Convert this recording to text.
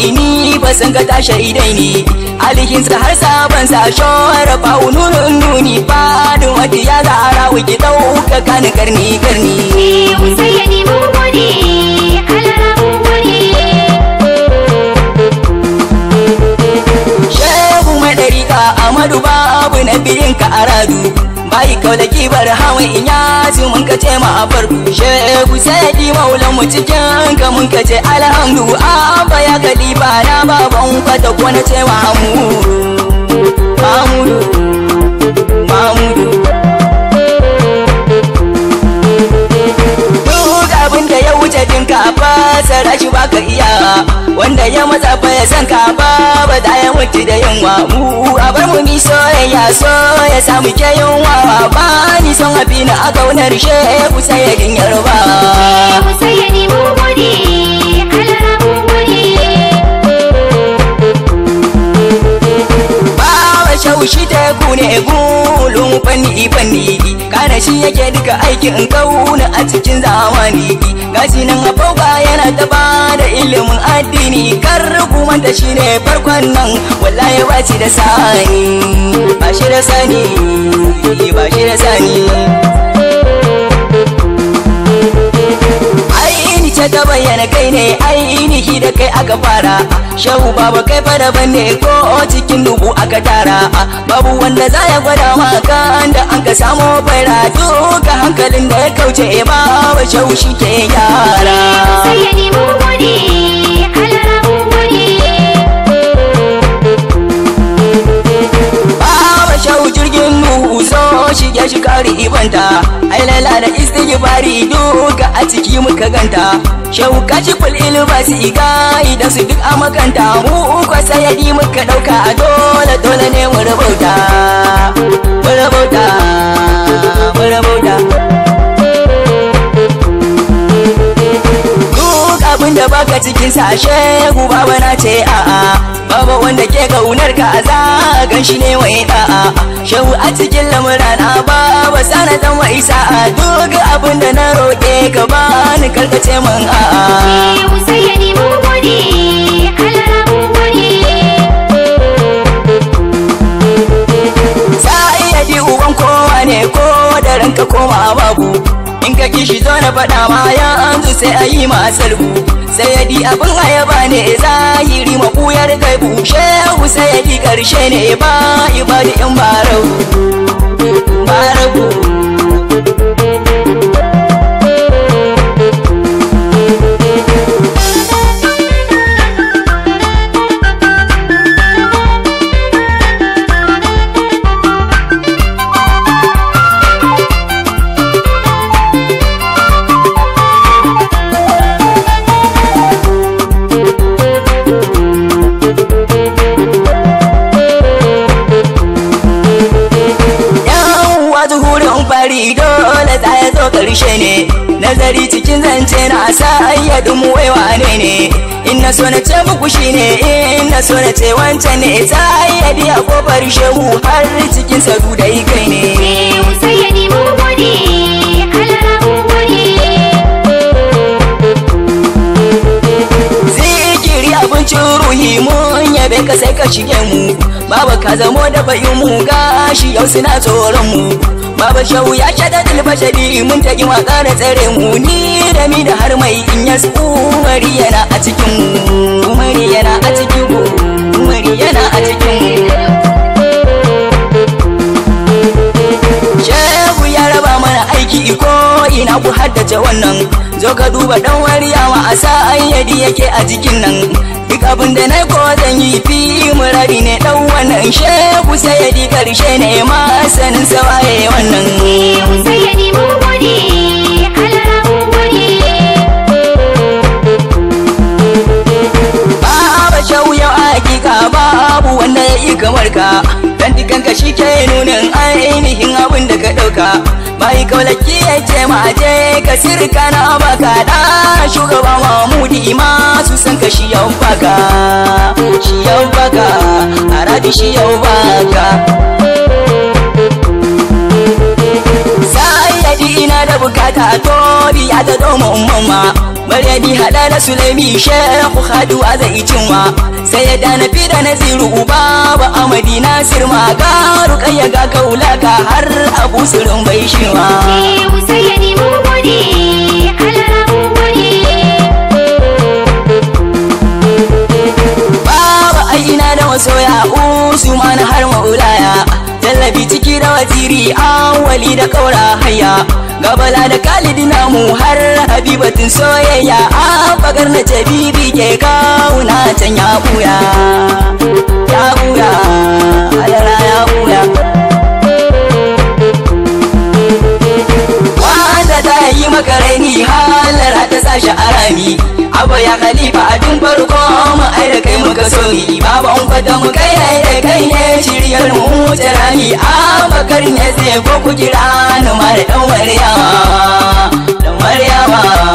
ini ba san ka ta shaidai ne alihinsa har sabon sa shawara fa ununun nuni fadin wata ya zara wuki dauka kan karni karni shehu amadu babu na biyun ka aradu bayi kaula kibar hawan in ya zu mun ma a farko shegu sai di maulan mu cikin ka mun Alhamdu alhamdu shi ba na baban kwata wani ce mamudu mamudu mamudu duk abin da ya wuce dinka ba tsara shi ba ka iya wanda ya maza ba ya san ka ba ba da ya mutu da yunwa mu a bar mu mi soyayya so ya samu ke yunwa ba ni son abi na a kaunar shehu sai ya ginyar ba kaune gulun fanni fanni kana shi yake duka aikin kauna a cikin zamani gashi nan abauka yana ta bada ilimin addini kar kuma da shi ne farkon nan wallahi ba da sani ba shi da sani ba shi da sani ta bayyana kai ne ainihi da kai aka fara shehu baba kai fa ban ne ko cikin dubu aka tara babu wanda za ya gwada maka da an ka samo baira duka hankalin da ya kauce eh, ba shehu shi ke yara sai ya nemi shige shi kari ibanta ai laila da istighfari duka a ciki muka ganta shauka shi kul si ga idan su duk a makanta mu uku sayadi muka dauka a dole dole ne mu rubuta mu rubuta rubuta duk abin da baka cikin sa shehu babana ce a'a Baba wanda ke kaunar ka a gan shi ne mai a shehu a cikin lamura na ba ba sana zan wa isa a duk abin da na roƙe ka ba ni karkace min a a Sa'i ya Allah uban kowa ne ko da ranka koma babu in ka kishi zo na faɗa ma ya an zu sai a yi ma salgu sayadi abin ayaba ne zahiri makuyar kai bushe hu sayadi karshe ne ba ibadi in barau dole ta ya zo karshe ne nazari cikin zance na sa ya dumu wai wane ne in na so na ce muku shi ne in na so na ce wancan ne ta ya biya kofar shehu har cikin sadu da kai ne yabe ka sai ka shige mu babu ka zamo da bayin mu gashi yau suna tsoron mu Baba Shehu ya shaɗa dilbashari mun ta ma ƙara tsare mu ni da mi da har mai in ya mari yana a cikin mari yana a cikin mari yana a cikin Shehu ya raba mana aiki ko ina ku haddace wannan zo ka duba dan wariyawa a sa ayyadi yake a jikin nan duk abin da na ko zan yi fi murari ne dan wannan shehu sayadi karshe ne ma sanin sawaye wannan sayadi mu yau wanda ya yi kamar ka dan dukan ka shi ke nunin ainihin abin da ka dauka bai kaulaki ya ce ma je ka sirka na baka da shugaban mamudi ma su san ka shi yau baka shi yau baka aradi shi yau baka sai ina da bukata tori ya ta doma umma Maryami hada da Sulaimi Shehu Hadu a zai cinwa sai ya dana fi da Naziru uba ba a Madina sirma ga rukayya ga kaulaka har Abu Sirin bai shiwa. da masoya usu mana har ulaya, tallafi ciki da waziri awali da ƙaura haya gabala da kalidi namu har Habiba tun soyayya a bagar na jabibi ke kawuna can ya makarani halar hata sashi arami abu ya khalifa a tun farko mu ai da kai muka so ni babu an kwata mu kai da kai ne shiryar mu wuce rami abakar ne zai ko ku kira ni mara dan maryama maryama